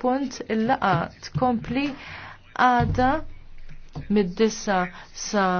punt il-laqa tkompli għada mid-dissa sa